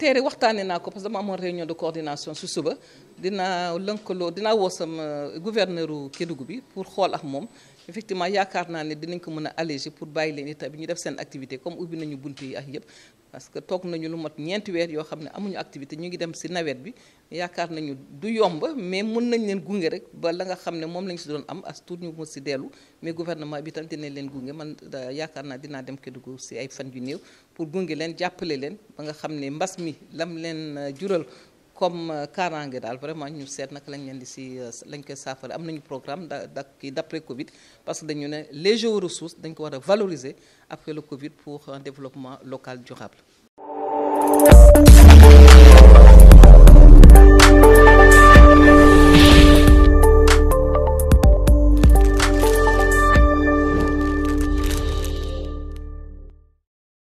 téere waxtaanee naa ko parce que dama amoon réunion de coordination su suba dinaa lënkaloo dinaa woo sama gouverneur Kédougou bi pour xool ak moom effectivement yaakaar naa ne dinañ ko mën a alléger pour bàyyi leen état bi ñu def seen activité comme ubbi nañu bunt yi ak yëpp parce que toog nañu lu mot ñeenti weer yoo xam ne amuñu activité ñu ngi dem si nawet bi yaakaar nañu du yomb mais mën nañ leen gunge rek ba la nga xam ne moom lañ si doon am as tuut ñu mën si dellu mais gouvernement bi tam dinañ leen gunge man yaakaar naa dinaa dem Kédougou si ay fan yu néew pour gunge leen jàppale leen ba nga xam ne mbas mi lam leen euh, jural comme euh, kaaraange vraiment nous sommes naka lañ leen euh, programme daprès Covid parce que nous avons les ressources dañ ko valorisées valoriser après le Covid pour un développement local durable.